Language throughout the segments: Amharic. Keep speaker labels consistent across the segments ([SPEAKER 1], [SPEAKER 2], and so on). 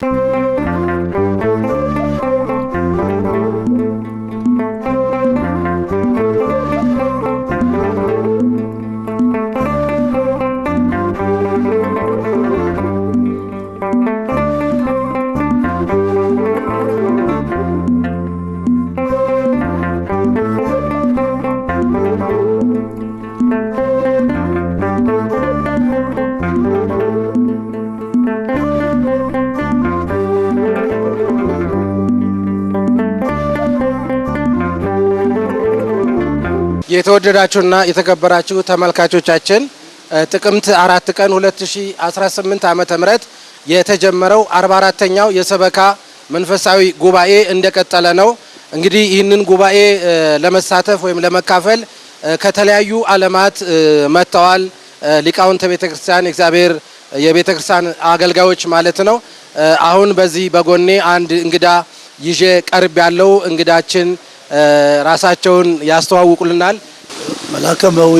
[SPEAKER 1] Música የተወደዳችሁና የተከበራችሁ ተመልካቾቻችን ጥቅምት አራት ቀን 2018 ዓመተ ምህረት የተጀመረው 44ተኛው የሰበካ መንፈሳዊ ጉባኤ እንደቀጠለ ነው። እንግዲህ ይህንን ጉባኤ ለመሳተፍ ወይም ለመካፈል ከተለያዩ ዓለማት መጥተዋል ሊቃውንተ ቤተክርስቲያን እግዚአብሔር የቤተክርስቲያን አገልጋዮች ማለት ነው። አሁን በዚህ በጎኔ አንድ እንግዳ ይዤ ቀርብ ያለው እንግዳችን ራሳቸውን ያስተዋውቁልናል።
[SPEAKER 2] መላከመዊ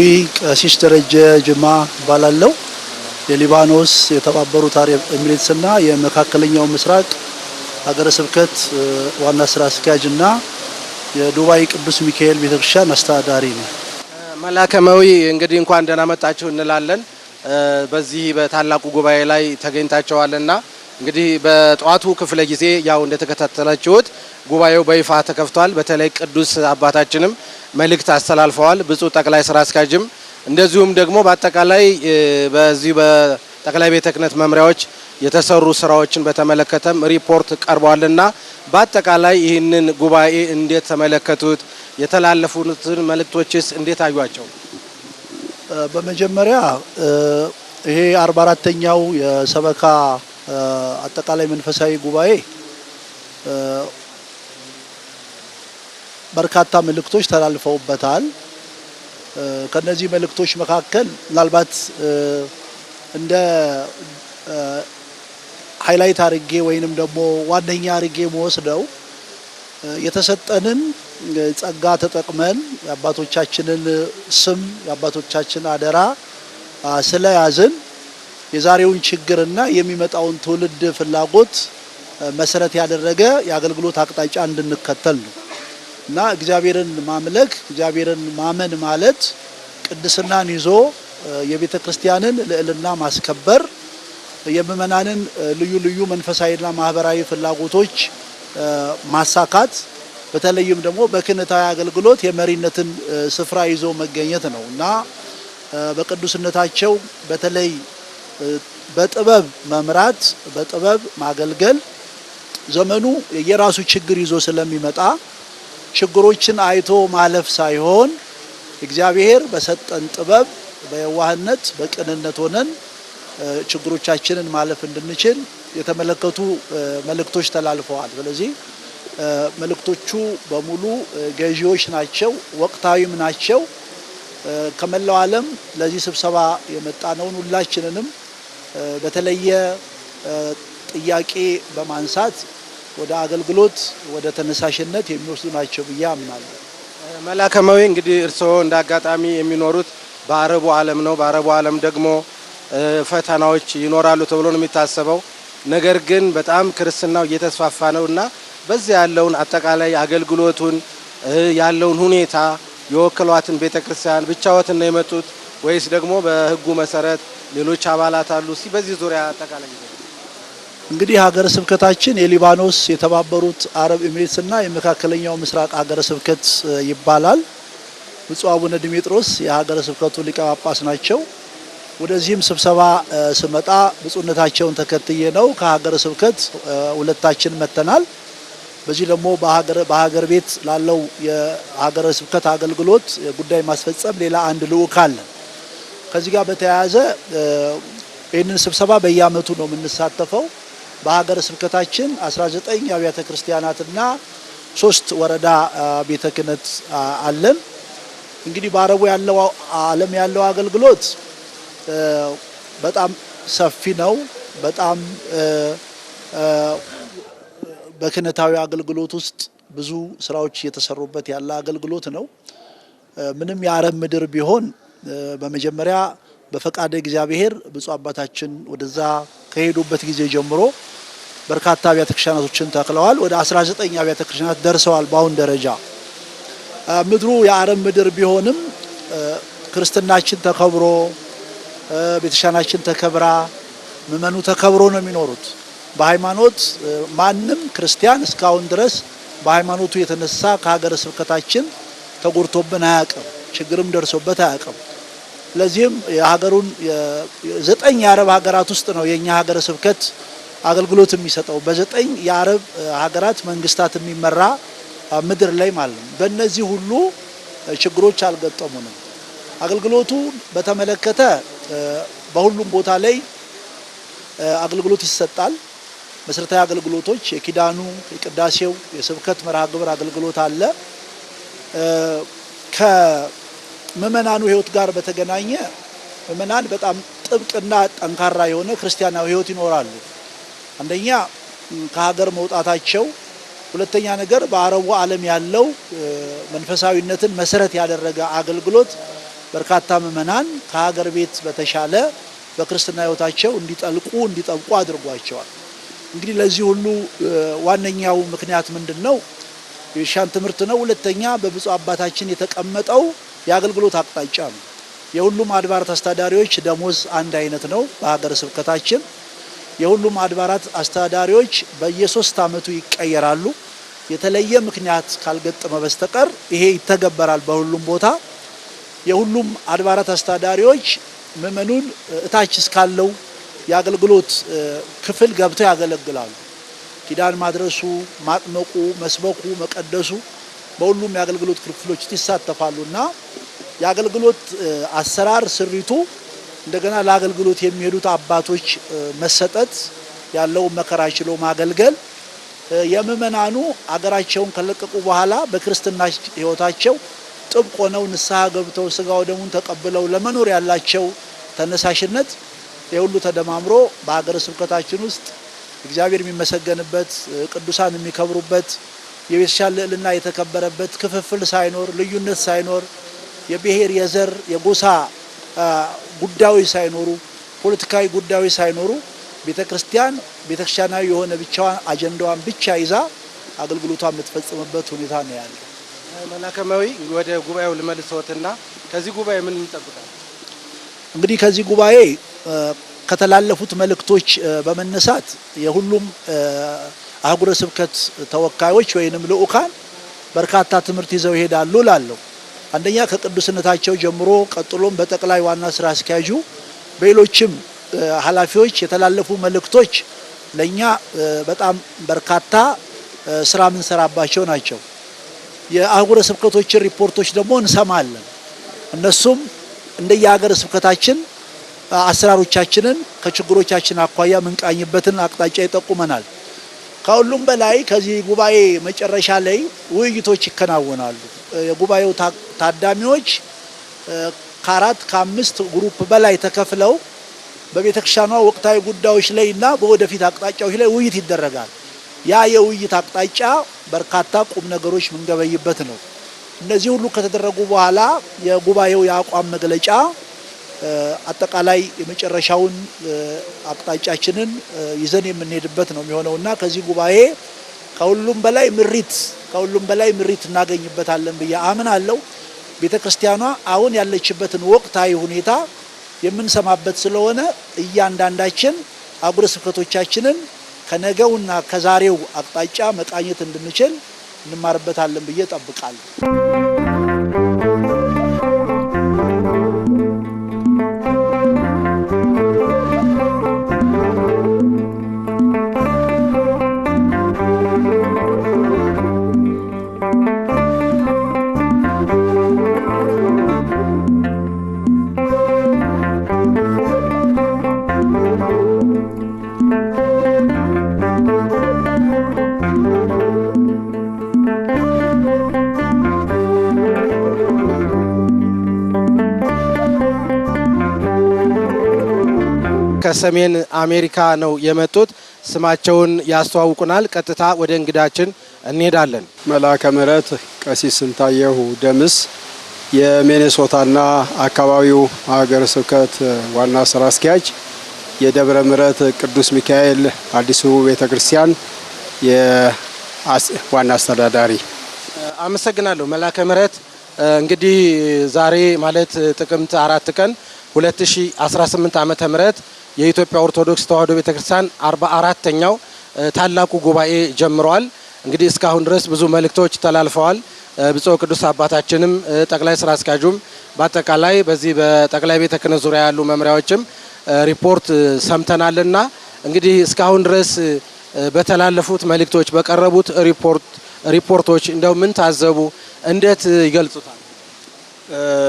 [SPEAKER 2] ቀሲስ ደረጀ ጅማ ባላለው የሊባኖስ የተባበሩት አረብ ኤሚሬትስና የመካከለኛው ምስራቅ ሀገረ ስብከት ዋና ስራ አስኪያጅና የዱባይ ቅዱስ ሚካኤል ቤተክርስቲያን አስተዳዳሪ ነው።
[SPEAKER 1] መላከመዊ እንግዲህ እንኳን ደህና መጣችሁ እንላለን። በዚህ በታላቁ ጉባኤ ላይ ተገኝታቸዋልና እንግዲህ በጠዋቱ ክፍለ ጊዜ ያው እንደተከታተላችሁት ጉባኤው በይፋ ተከፍቷል። በተለይ ቅዱስ አባታችንም መልእክት አስተላልፈዋል። ብፁዕ ጠቅላይ ስራ አስኪያጅም እንደዚሁም ደግሞ በአጠቃላይ በዚህ በጠቅላይ ቤተ ክህነት መምሪያዎች የተሰሩ ስራዎችን በተመለከተም ሪፖርት ቀርቧልና በአጠቃላይ ይህንን ጉባኤ እንዴት ተመለከቱት? የተላለፉትን መልእክቶችስ እንዴት አዩቸው?
[SPEAKER 2] በመጀመሪያ ይሄ አርባ አራተኛው የሰበካ አጠቃላይ መንፈሳዊ ጉባኤ በርካታ መልእክቶች ተላልፈውበታል። ከነዚህ መልእክቶች መካከል ምናልባት እንደ ሃይላይት አርጌ ወይንም ደግሞ ዋነኛ አርጌ መወስደው የተሰጠንን ጸጋ ተጠቅመን የአባቶቻችንን ስም የአባቶቻችን አደራ ስለያዝን የዛሬውን ችግርና የሚመጣውን ትውልድ ፍላጎት መሰረት ያደረገ የአገልግሎት አቅጣጫ እንድንከተል ነው። እና እግዚአብሔርን ማምለክ እግዚአብሔርን ማመን ማለት ቅድስናን ይዞ የቤተ ክርስቲያንን ልዕልና ማስከበር የምእመናንን ልዩ ልዩ መንፈሳዊና ማህበራዊ ፍላጎቶች ማሳካት በተለይም ደግሞ በክህነታዊ አገልግሎት የመሪነትን ስፍራ ይዞ መገኘት ነው እና በቅዱስነታቸው በተለይ በጥበብ መምራት፣ በጥበብ ማገልገል ዘመኑ የራሱ ችግር ይዞ ስለሚመጣ ችግሮችን አይቶ ማለፍ ሳይሆን እግዚአብሔር በሰጠን ጥበብ በየዋህነት በቅንነት ሆነን ችግሮቻችንን ማለፍ እንድንችል የተመለከቱ መልእክቶች ተላልፈዋል። ስለዚህ መልእክቶቹ በሙሉ ገዢዎች ናቸው፣ ወቅታዊም ናቸው። ከመላው ዓለም ለዚህ ስብሰባ የመጣነውን ሁላችንንም በተለየ ጥያቄ በማንሳት ወደ አገልግሎት ወደ ተነሳሽነት የሚወስዱ ናቸው ብዬ አምናለሁ።
[SPEAKER 1] መላከማዊ እንግዲህ እርስዎ እንደ አጋጣሚ የሚኖሩት በአረቡ ዓለም ነው። በአረቡ ዓለም ደግሞ ፈተናዎች ይኖራሉ ተብሎ ነው የሚታሰበው። ነገር ግን በጣም ክርስትናው እየተስፋፋ ነው እና ያለውን አጠቃላይ አገልግሎቱን ያለውን ሁኔታ የወከሏትን ቤተ ክርስቲያን ብቻዎትን ነው የመጡት ወይስ ደግሞ በህጉ መሰረት ሌሎች አባላት አሉ? እስኪ በዚህ ዙሪያ አጠቃላይ
[SPEAKER 2] እንግዲህ ሀገረ ስብከታችን የሊባኖስ የተባበሩት አረብ ኤሚሬትስና የመካከለኛው ምስራቅ ሀገረ ስብከት ይባላል። ብፁዕ አቡነ ድሜጥሮስ የሀገረ ስብከቱ ሊቀ ጳጳስ ናቸው። ወደዚህም ስብሰባ ስመጣ ብፁዕነታቸውን ተከትዬ ነው ከሀገረ ስብከት ሁለታችን መጥተናል። በዚህ ደግሞ በሀገር ቤት ላለው የሀገረ ስብከት አገልግሎት ጉዳይ ማስፈጸም ሌላ አንድ ልዑክ አለ። ከዚህ ጋር በተያያዘ ይህንን ስብሰባ በየአመቱ ነው የምንሳተፈው። በሀገረ ስብከታችን 19 አብያተ ክርስቲያናትና ሶስት ወረዳ ቤተ ክህነት አለን። እንግዲህ በአረቡ ያለው ዓለም ያለው አገልግሎት በጣም ሰፊ ነው። በጣም በክህነታዊ አገልግሎት ውስጥ ብዙ ስራዎች እየተሰሩበት ያለ አገልግሎት ነው። ምንም የአረብ ምድር ቢሆን በመጀመሪያ በፈቃደ እግዚአብሔር ብፁዕ አባታችን ወደዛ ከሄዱበት ጊዜ ጀምሮ በርካታ አብያተ ክርስቲያናቶችን ተክለዋል። ወደ 19 አብያተ ክርስቲያናት ደርሰዋል። በአሁን ደረጃ ምድሩ የአረም ምድር ቢሆንም ክርስትናችን ተከብሮ ቤተክርስቲያናችን ተከብራ ምእመኑ ተከብሮ ነው የሚኖሩት። በሃይማኖት ማንም ክርስቲያን እስካሁን ድረስ በሃይማኖቱ የተነሳ ከሀገረ ስብከታችን ተጎድቶብን አያቅም፣ ችግርም ደርሶበት አያቅም። ለዚህም የሀገሩን ዘጠኝ የአረብ ሀገራት ውስጥ ነው የእኛ ሀገረ ስብከት አገልግሎት የሚሰጠው በዘጠኝ የአረብ ሀገራት መንግስታት የሚመራ ምድር ላይ ማለት ነው። በእነዚህ ሁሉ ችግሮች አልገጠሙንም። አገልግሎቱ በተመለከተ በሁሉም ቦታ ላይ አገልግሎት ይሰጣል። መሰረታዊ አገልግሎቶች የኪዳኑ፣ የቅዳሴው፣ የስብከት መርሃ ግብር አገልግሎት አለ። ምእመናኑ ህይወት ጋር በተገናኘ ምዕመናን በጣም ጥብቅና ጠንካራ የሆነ ክርስቲያናዊ ህይወት ይኖራሉ። አንደኛ ከሀገር መውጣታቸው፣ ሁለተኛ ነገር በአረቡ ዓለም ያለው መንፈሳዊነትን መሰረት ያደረገ አገልግሎት በርካታ ምዕመናን ከሀገር ቤት በተሻለ በክርስትና ህይወታቸው እንዲጠልቁ እንዲጠብቁ አድርጓቸዋል። እንግዲህ ለዚህ ሁሉ ዋነኛው ምክንያት ምንድን ነው? የሻን ትምህርት ነው። ሁለተኛ በብፁዕ አባታችን የተቀመጠው የአገልግሎት አቅጣጫ ነው። የሁሉም አድባራት አስተዳዳሪዎች ደሞዝ አንድ አይነት ነው። በሀገረ ስብከታችን የሁሉም አድባራት አስተዳዳሪዎች በየሶስት አመቱ ይቀየራሉ። የተለየ ምክንያት ካልገጠመ በስተቀር ይሄ ይተገበራል በሁሉም ቦታ። የሁሉም አድባራት አስተዳዳሪዎች ምዕመኑን እታች እስካለው የአገልግሎት ክፍል ገብተው ያገለግላሉ። ኪዳን ማድረሱ፣ ማጥመቁ፣ መስበኩ፣ መቀደሱ በሁሉም የአገልግሎት ክፍሎች ይሳተፋሉና የአገልግሎት አሰራር ስሪቱ እንደገና ለአገልግሎት የሚሄዱት አባቶች መሰጠት ያለው መከራ ችሎ ማገልገል የምእመናኑ አገራቸውን ከለቀቁ በኋላ በክርስትና ሕይወታቸው ጥብቅ ሆነው ንስሐ ገብተው ስጋው ደሙን ተቀብለው ለመኖር ያላቸው ተነሳሽነት የሁሉ ተደማምሮ በሀገረ ስብከታችን ውስጥ እግዚአብሔር የሚመሰገንበት ቅዱሳን የሚከብሩበት የቤተሻ ልዕልና የተከበረበት ክፍፍል ሳይኖር ልዩነት ሳይኖር የብሔር የዘር የጎሳ ጉዳዮች ሳይኖሩ ፖለቲካዊ ጉዳዮች ሳይኖሩ ቤተ ክርስቲያን ቤተ ክርስቲያናዊ የሆነ ብቻዋን አጀንዳዋን ብቻ ይዛ አገልግሎቷ የምትፈጽምበት ሁኔታ ነው ያለው።
[SPEAKER 1] መላከማዊ ወደ ጉባኤው ልመልሰዎትና ከዚህ ጉባኤ ምን እንጠብቃለን?
[SPEAKER 2] እንግዲህ ከዚህ ጉባኤ ከተላለፉት መልእክቶች በመነሳት የሁሉም አህጉረ ስብከት ተወካዮች ወይንም ልዑካን በርካታ ትምህርት ይዘው ይሄዳሉ ላለሁ አንደኛ ከቅዱስነታቸው ጀምሮ ቀጥሎም በጠቅላይ ዋና ስራ አስኪያጁ በሌሎችም ኃላፊዎች የተላለፉ መልእክቶች ለእኛ በጣም በርካታ ስራ የምንሰራባቸው ናቸው። የአህጉረ ስብከቶችን ሪፖርቶች ደግሞ እንሰማለን። እነሱም እንደየ ስብከታችን አሰራሮቻችንን ከችግሮቻችን አኳያ ምንቃኝበትን አቅጣጫ ይጠቁመናል። ከሁሉም በላይ ከዚህ ጉባኤ መጨረሻ ላይ ውይይቶች ይከናወናሉ። የጉባኤው ታዳሚዎች ከአራት ከአምስት ግሩፕ በላይ ተከፍለው በቤተ ክርስቲያኗ ወቅታዊ ጉዳዮች ላይ እና በወደፊት አቅጣጫዎች ላይ ውይይት ይደረጋል። ያ የውይይት አቅጣጫ በርካታ ቁም ነገሮች የምንገበይበት ነው። እነዚህ ሁሉ ከተደረጉ በኋላ የጉባኤው የአቋም መግለጫ አጠቃላይ የመጨረሻውን አቅጣጫችንን ይዘን የምንሄድበት ነው የሚሆነው እና ከዚህ ጉባኤ ከሁሉም በላይ ምሪት ከሁሉም በላይ ምሪት እናገኝበታለን ብዬ አምናለሁ። ቤተ ክርስቲያኗ አሁን ያለችበትን ወቅታዊ ሁኔታ የምንሰማበት ስለሆነ እያንዳንዳችን አህጉረ ስብከቶቻችንን ከነገውና ከዛሬው አቅጣጫ መቃኘት እንድንችል እንማርበታለን ብዬ ጠብቃለሁ።
[SPEAKER 1] ከሰሜን አሜሪካ ነው የመጡት። ስማቸውን ያስተዋውቁናል። ቀጥታ ወደ እንግዳችን እንሄዳለን።
[SPEAKER 2] መልአከ ምረት ቀሲስ ስንታየሁ ደምስ የሚኔሶታና አካባቢው ሀገረ ስብከት ዋና ስራ አስኪያጅ፣ የደብረ ምረት ቅዱስ ሚካኤል አዲሱ ቤተ ክርስቲያን ዋና አስተዳዳሪ።
[SPEAKER 1] አመሰግናለሁ መልአከ ምረት እንግዲህ ዛሬ ማለት ጥቅምት አራት ቀን 2018 ዓ ምሕረት የኢትዮጵያ ኦርቶዶክስ ተዋሕዶ ቤተክርስቲያን አርባ አራተኛው ታላቁ ጉባኤ ጀምረዋል። እንግዲህ እስካሁን ድረስ ብዙ መልእክቶች ተላልፈዋል። ብፁዕ ቅዱስ አባታችንም ጠቅላይ ስራ አስኪያጁም በአጠቃላይ በዚህ በጠቅላይ ቤተ ክህነት ዙሪያ ያሉ መምሪያዎችም ሪፖርት ሰምተናልና እንግዲህ እስካሁን ድረስ በተላለፉት መልእክቶች በቀረቡት ሪፖርቶች እንደው ምን ታዘቡ? እንዴት ይገልጹታል?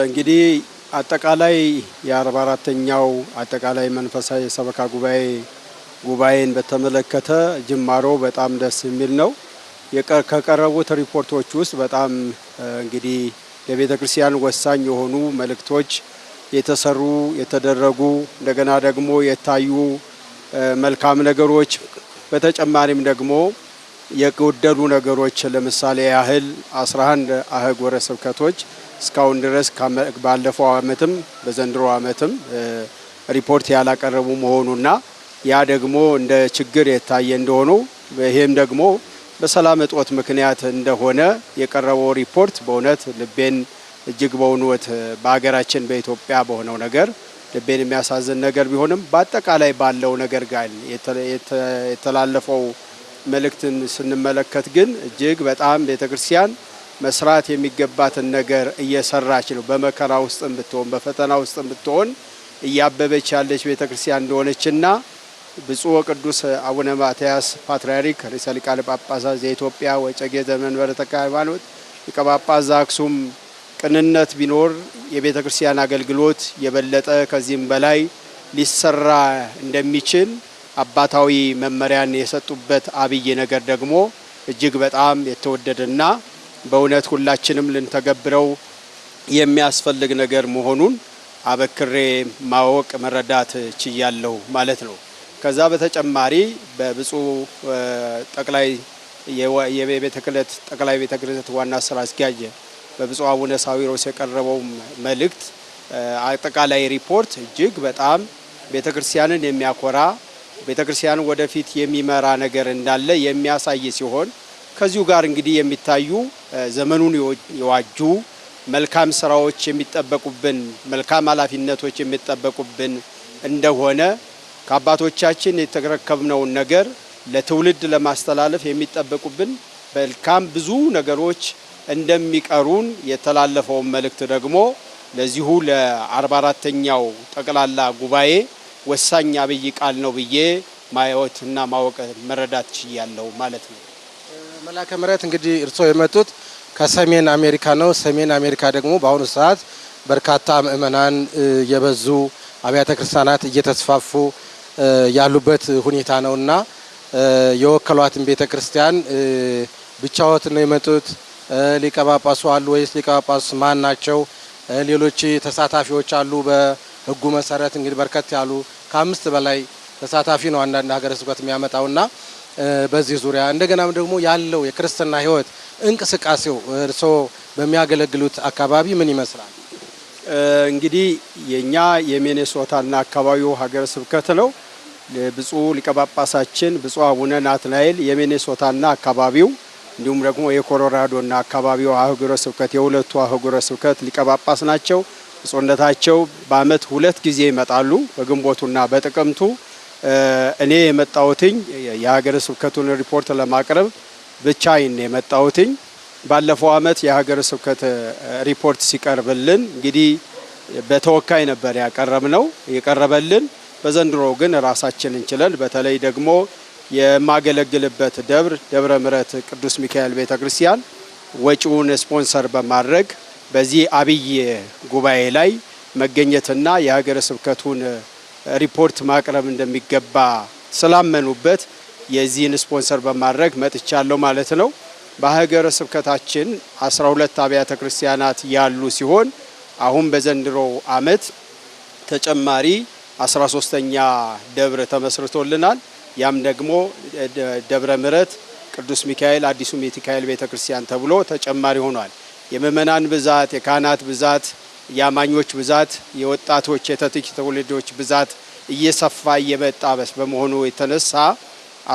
[SPEAKER 2] እንግዲህ አጠቃላይ የአርባ አራተኛው አጠቃላይ መንፈሳዊ የሰበካ ጉባኤ ጉባኤን በተመለከተ ጅማሮ በጣም ደስ የሚል ነው። ከቀረቡት ሪፖርቶች ውስጥ በጣም እንግዲህ ለቤተ ክርስቲያን ወሳኝ የሆኑ መልእክቶች የተሰሩ የተደረጉ እንደገና ደግሞ የታዩ መልካም ነገሮች በተጨማሪም ደግሞ የጎደሉ ነገሮች ለምሳሌ ያህል 11 አህጉረ ስብከቶች እስካሁን ድረስ ባለፈው አመትም በዘንድሮ አመትም ሪፖርት ያላቀረቡ መሆኑና ያ ደግሞ እንደ ችግር የታየ እንደሆኑ ይህም ደግሞ በሰላም እጦት ምክንያት እንደሆነ የቀረበው ሪፖርት በእውነት ልቤን እጅግ በእውነት በሀገራችን በኢትዮጵያ በሆነው ነገር ልቤን የሚያሳዝን ነገር ቢሆንም በአጠቃላይ ባለው ነገር ጋር የተላለፈው መልእክትን ስንመለከት ግን እጅግ በጣም ቤተክርስቲያን መስራት የሚገባትን ነገር እየሰራች ነው። በመከራ ውስጥ ብትሆን በፈተና ውስጥ ብትሆን እያበበች ያለች ቤተ ክርስቲያን እንደሆነችና ብፁዕ ቅዱስ አቡነ ማትያስ ፓትርያርክ ርዕሰ ሊቃነ ጳጳሳት ዘኢትዮጵያ ወጨጌ ዘመንበረ ተክለ ሃይማኖት ሊቀ ጳጳስ ዘአክሱም ቅንነት ቢኖር የቤተ ክርስቲያን አገልግሎት የበለጠ ከዚህም በላይ ሊሰራ እንደሚችል አባታዊ መመሪያን የሰጡበት አብይ ነገር ደግሞ እጅግ በጣም የተወደደና በእውነት ሁላችንም ልንተገብረው የሚያስፈልግ ነገር መሆኑን አበክሬ ማወቅ መረዳት ችያለሁ ማለት ነው። ከዛ በተጨማሪ በብፁዕ ጠቅላይ የቤተ ክህነት ጠቅላይ ቤተ ክህነት ዋና ስራ አስኪያጅ በብፁዕ አቡነ ሳዊሮስ የቀረበው መልእክት አጠቃላይ ሪፖርት እጅግ በጣም ቤተ ክርስቲያንን የሚያኮራ ቤተ ክርስቲያንን ወደፊት የሚመራ ነገር እንዳለ የሚያሳይ ሲሆን ከዚሁ ጋር እንግዲህ የሚታዩ ዘመኑን የዋጁ መልካም ስራዎች የሚጠበቁብን መልካም ኃላፊነቶች የሚጠበቁብን እንደሆነ ከአባቶቻችን የተረከብነውን ነገር ለትውልድ ለማስተላለፍ የሚጠበቁብን መልካም ብዙ ነገሮች እንደሚቀሩን የተላለፈውን መልእክት ደግሞ ለዚሁ ለ44ተኛው ጠቅላላ ጉባኤ ወሳኝ አብይ ቃል ነው ብዬ ማየትና ማወቅ መረዳት ችያለው ማለት ነው።
[SPEAKER 1] መላከ ምረት እንግዲህ እርስዎ የመጡት ከሰሜን አሜሪካ ነው። ሰሜን አሜሪካ ደግሞ በአሁኑ ሰዓት በርካታ ምእመናን የበዙ አብያተ ክርስቲያናት እየተስፋፉ ያሉበት ሁኔታ ነውና የወከሏትን ቤተ ክርስቲያን ብቻዎት ነው የመጡት? ሊቀ ጳጳሱ አሉ ወይስ ሊቀ ጳጳሱ ማን ናቸው? ሌሎች ተሳታፊዎች አሉ? በህጉ መሰረት እንግዲህ በርከት ያሉ ከአምስት በላይ ተሳታፊ ነው አንዳንድ ሀገረ ስብከት የሚያመጣውና በዚህ ዙሪያ እንደገናም ደግሞ ያለው የክርስትና ህይወት እንቅስቃሴው እርስዎ በሚያገለግሉት አካባቢ ምን ይመስላል?
[SPEAKER 2] እንግዲህ የእኛ የሚኔሶታና አካባቢው ሀገረ ስብከት ነው። ብፁዕ ሊቀ ጳጳሳችን ብፁዕ አቡነ ናትናኤል የሚኔሶታና አካባቢው እንዲሁም ደግሞ የኮሎራዶና አካባቢው አህጉረ ስብከት የሁለቱ አህጉረ ስብከት ሊቀ ጳጳስ ናቸው። ብፁዕነታቸው በዓመት ሁለት ጊዜ ይመጣሉ፣ በግንቦቱና በጥቅምቱ እኔ የመጣሁትኝ የሀገረ ስብከቱን ሪፖርት ለማቅረብ ብቻዬን የመጣሁትኝ። ባለፈው አመት የሀገረ ስብከት ሪፖርት ሲቀርብልን እንግዲህ በተወካይ ነበር ያቀረብ ነው የቀረበልን። በዘንድሮ ግን ራሳችን እንችለን በተለይ ደግሞ የማገለግልበት ደብር ደብረ ምረት ቅዱስ ሚካኤል ቤተ ክርስቲያን ወጪውን ስፖንሰር በማድረግ በዚህ አብይ ጉባኤ ላይ መገኘትና የሀገረ ስብከቱን ሪፖርት ማቅረብ እንደሚገባ ስላመኑበት የዚህን ስፖንሰር በማድረግ መጥቻለሁ ማለት ነው። በሀገረ ስብከታችን 12 አብያተ ክርስቲያናት ያሉ ሲሆን አሁን በዘንድሮ ዓመት ተጨማሪ 13ኛ ደብር ተመስርቶልናል። ያም ደግሞ ደብረ ምረት ቅዱስ ሚካኤል አዲሱ ሚካኤል ቤተ ክርስቲያን ተብሎ ተጨማሪ ሆኗል። የምእመናን ብዛት፣ የካህናት ብዛት የአማኞች ብዛት፣ የወጣቶች የተተኪ ትውልዶች ብዛት እየሰፋ እየመጣ በመሆኑ የተነሳ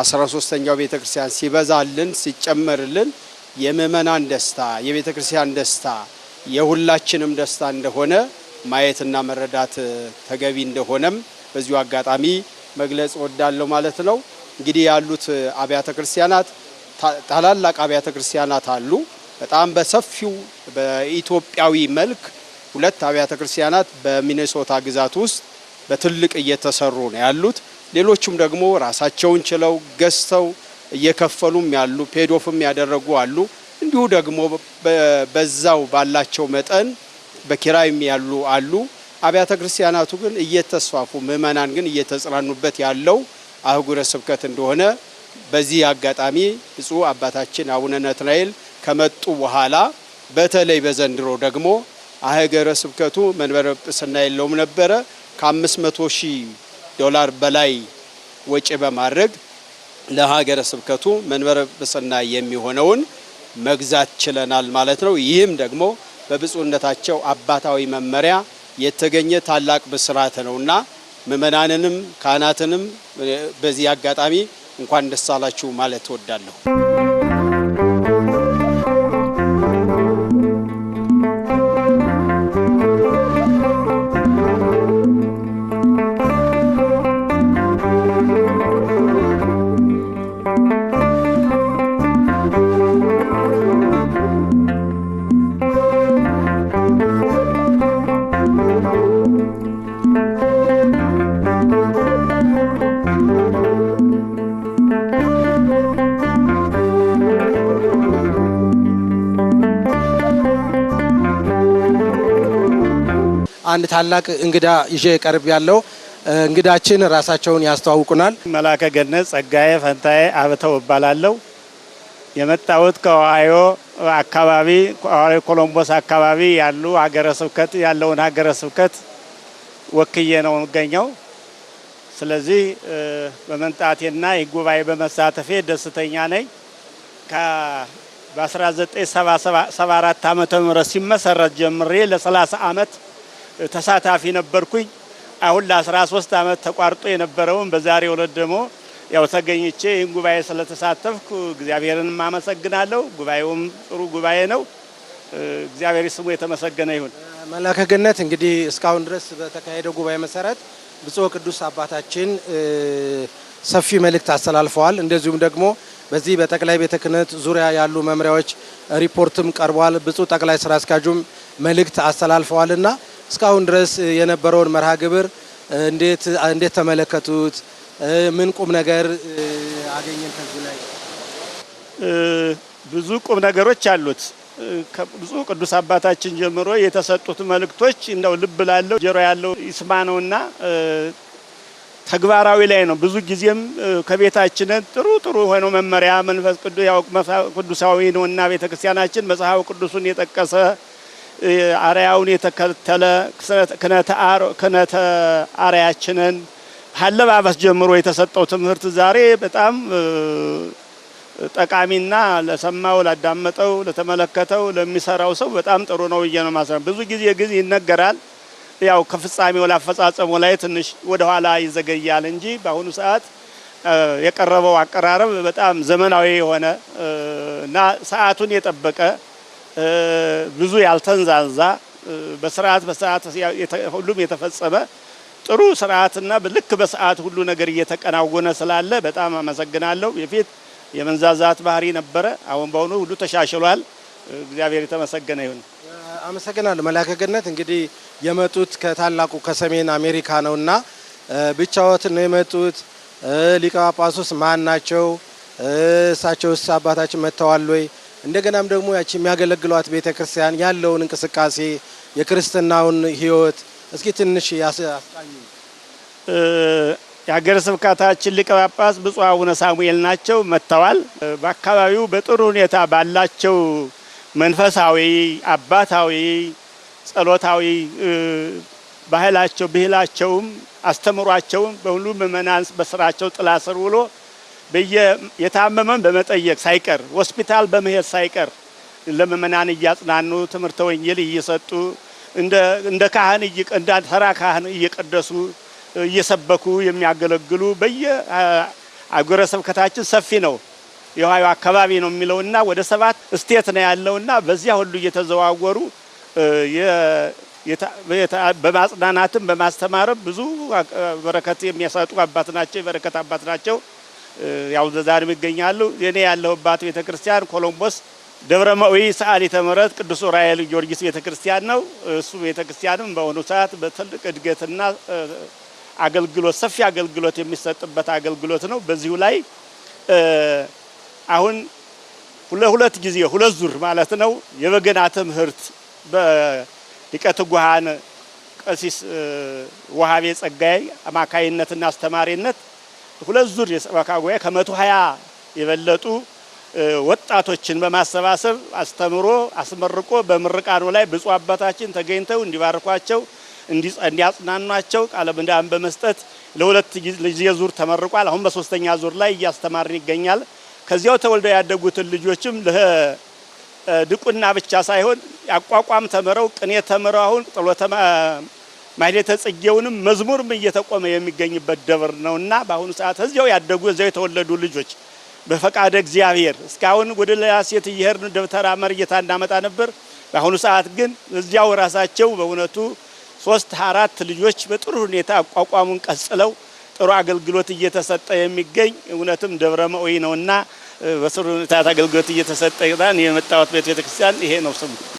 [SPEAKER 2] አስራ ሶስተኛው ቤተ ክርስቲያን ሲበዛልን ሲጨመርልን የምእመናን ደስታ የቤተ ክርስቲያን ደስታ የሁላችንም ደስታ እንደሆነ ማየትና መረዳት ተገቢ እንደሆነም በዚሁ አጋጣሚ መግለጽ ወዳለሁ ማለት ነው። እንግዲህ ያሉት አብያተ ክርስቲያናት ታላላቅ አብያተ ክርስቲያናት አሉ። በጣም በሰፊው በኢትዮጵያዊ መልክ ሁለት አብያተ ክርስቲያናት በሚኔሶታ ግዛት ውስጥ በትልቅ እየተሰሩ ነው ያሉት። ሌሎቹም ደግሞ ራሳቸውን ችለው ገዝተው እየከፈሉም ያሉ ፔዶፍም ያደረጉ አሉ። እንዲሁ ደግሞ በዛው ባላቸው መጠን በኪራይም ያሉ አሉ። አብያተ ክርስቲያናቱ ግን እየተስፋፉ ምዕመናን ግን እየተጽናኑበት ያለው አህጉረ ስብከት እንደሆነ በዚህ አጋጣሚ ብፁዕ አባታችን አቡነ ነትናኤል ከመጡ በኋላ በተለይ በዘንድሮ ደግሞ አህገረ ስብከቱ መንበረ ጵጵስና የለውም ነበረ ከአምስት መቶ ሺህ ዶላር በላይ ወጪ በማድረግ ለሀገረ ስብከቱ መንበረ ጵጵስና የሚሆነውን መግዛት ችለናል ማለት ነው። ይህም ደግሞ በብፁዕነታቸው አባታዊ መመሪያ የተገኘ ታላቅ ብስራት ነውና ምእመናንንም ካህናትንም በዚህ አጋጣሚ እንኳን ደስ አላችሁ ማለት እወዳለሁ።
[SPEAKER 1] አንድ ታላቅ እንግዳ ይዤ ቀርብ ያለው እንግዳችን ራሳቸውን ያስተዋውቁናል።
[SPEAKER 2] መላከ ገነት ጸጋዬ ፈንታዬ አብተው እባላለሁ። የመጣሁት ከኦሃዮ አካባቢ ኮሎምቦስ አካባቢ ያሉ ሀገረ ስብከት ያለውን ሀገረ ስብከት ወክዬ ነው የምገኘው። ስለዚህ በመምጣቴና ይህ ጉባኤ በመሳተፌ ደስተኛ ነኝ። በ1974 ዓ ም ሲመሰረት ጀምሬ ለ30 ዓመት ተሳታፊ ነበርኩኝ። አሁን ለ13 አመት ተቋርጦ የነበረውን በዛሬ ዕለት ደግሞ ያው ተገኝቼ ይህን ጉባኤ ስለተሳተፍኩ እግዚአብሔርንም አመሰግናለሁ። ጉባኤውም ጥሩ ጉባኤ ነው። እግዚአብሔር ስሙ የተመሰገነ ይሁን።
[SPEAKER 1] መላከ ገነት እንግዲህ እስካሁን ድረስ በተካሄደው ጉባኤ መሰረት ብፁዕ ቅዱስ አባታችን ሰፊ መልእክት አስተላልፈዋል። እንደዚሁም ደግሞ በዚህ በጠቅላይ ቤተ ክህነት ዙሪያ ያሉ መምሪያዎች ሪፖርትም ቀርቧል። ብፁዕ ጠቅላይ ስራ አስኪያጁም መልእክት አስተላልፈዋልና እስካሁን ድረስ የነበረውን መርሃ ግብር እንዴት እንዴት ተመለከቱት? ምን ቁም ነገር አገኘን? ከዚህ ላይ ብዙ ቁም ነገሮች አሉት። ከብፁዕ ቅዱስ አባታችን ጀምሮ የተሰጡት መልእክቶች እንደው ልብ ላለው ጆሮ ያለው ይስማ ነውና ተግባራዊ ላይ ነው። ብዙ ጊዜም ከቤታችን ጥሩ ጥሩ ሆኖ መመሪያ መንፈስ ቅዱስ ያው ቅዱሳዊ ነውና ቤተክርስቲያናችን መጽሐፍ ቅዱሱን የጠቀሰ አርያውን የተከተለ ክነተ አርያችንን አለባበስ ጀምሮ የተሰጠው ትምህርት ዛሬ በጣም ጠቃሚና ለሰማው ላዳመጠው፣ ለተመለከተው፣ ለሚሰራው ሰው በጣም ጥሩ ነው ብዬ ነው ብዙ ጊዜ ግን ይነገራል ያው ከፍጻሜው ላፈጻጸሙ ላይ ትንሽ ወደ ኋላ ይዘገያል እንጂ በአሁኑ ሰዓት የቀረበው አቀራረብ በጣም ዘመናዊ የሆነ እና ሰዓቱን የጠበቀ ብዙ ያልተንዛዛ በስርዓት በስርዓት ሁሉም የተፈጸመ ጥሩ ስርዓትና ልክ በሰዓት ሁሉ ነገር እየተቀናወነ ስላለ በጣም አመሰግናለሁ። የፊት የመንዛዛት ባህሪ ነበረ። አሁን በአሁኑ ሁሉ ተሻሽሏል። እግዚአብሔር የተመሰገነ ይሁን።
[SPEAKER 2] አመሰግናለሁ። መልአከ ገነት እንግዲህ የመጡት ከታላቁ ከሰሜን አሜሪካ ነውና ብቻዎት ነው የመጡት። ሊቀ ጳጳሱስ ማን ናቸው? እሳቸውስ አባታችን መጥተዋል ወይ? እንደገናም ደግሞ ያቺ የሚያገለግሏት ቤተ ክርስቲያን ያለውን እንቅስቃሴ የክርስትናውን ህይወት እስኪ ትንሽ ያስቃኝ።
[SPEAKER 1] የሀገረ ስብከታችን ሊቀ ጳጳስ ብፁዕ አቡነ ሳሙኤል ናቸው። መጥተዋል። በአካባቢው በጥሩ ሁኔታ ባላቸው መንፈሳዊ፣ አባታዊ፣ ጸሎታዊ ባህላቸው ብሂላቸውም አስተምሯቸውም በሁሉ ምእመናን በስራቸው ጥላ ስር ውሎ የታመመን በመጠየቅ ሳይቀር ሆስፒታል በመሄድ ሳይቀር ለምእመናን እያጽናኑ ትምህርተ ወንጌል እየሰጡ እንደ ካህን እንደ ተራ ካህን እየቀደሱ እየሰበኩ የሚያገለግሉ በየ አገረ ስብከታችን ሰፊ ነው። የውሃዩ አካባቢ ነው እና ወደ ሰባት እስቴት ነው እና በዚያ ሁሉ እየተዘዋወሩ በማጽናናትም በማስተማርም ብዙ በረከት የሚያሳጡ አባት ናቸው። የበረከት አባት ናቸው። ያው ዛሬም ይገኛሉ። እኔ ያለሁባት ቤተክርስቲያን ኮሎምቦስ ደብረ መዊ ሰዓሊተ ምሕረት ቅዱስ ዑራኤል ጊዮርጊስ ቤተክርስቲያን ነው። እሱ ቤተክርስቲያንም በአሁኑ ሰዓት በትልቅ እድገትና አገልግሎት ሰፊ አገልግሎት የሚሰጥበት አገልግሎት ነው። በዚሁ ላይ አሁን ሁለት ጊዜ ሁለት ዙር ማለት ነው የበገና ትምህርት በሊቀት ጉሃን ቀሲስ ወሃቤ ጸጋይ አማካይነትና አስተማሪነት ሁለት ዙር የሰበካ ጉባኤ ከመቶ ሀያ የበለጡ ወጣቶችን በማሰባሰብ አስተምሮ አስመርቆ በምርቃኑ ላይ ብፁዕ አባታችን ተገኝተው እንዲባርኳቸው እንዲያጽናኗቸው ቃለ ምዕዳን በመስጠት ለሁለት ጊዜ ዙር ተመርቋል። አሁን በሶስተኛ ዙር ላይ እያስተማርን ይገኛል። ከዚያው ተወልደው ያደጉትን ልጆችም ለድቁና ብቻ ሳይሆን አቋቋም ተምረው ቅኔ ተምረው አሁን ጥሎተ ማኅሌተ ጽጌውንም መዝሙርም እየተቆመ የሚገኝበት ደብር ነውና በአሁኑ ሰዓት እዚያው ያደጉ እዚያው የተወለዱ ልጆች በፈቃደ እግዚአብሔር እስካሁን ወደ ሌላ ሴት እየሄድን ደብተራ መርጌታ እናመጣ ነበር። በአሁኑ ሰዓት ግን እዚያው ራሳቸው በእውነቱ ሶስት አራት ልጆች በጥሩ ሁኔታ አቋቋሙን ቀጽለው ጥሩ አገልግሎት እየተሰጠ የሚገኝ እውነትም ደብረ መኦይ ነውና በስሩ ሁኔታ አገልግሎት እየተሰጠ የመጣወት ቤተ ክርስቲያን ይሄ ነው ስሙ።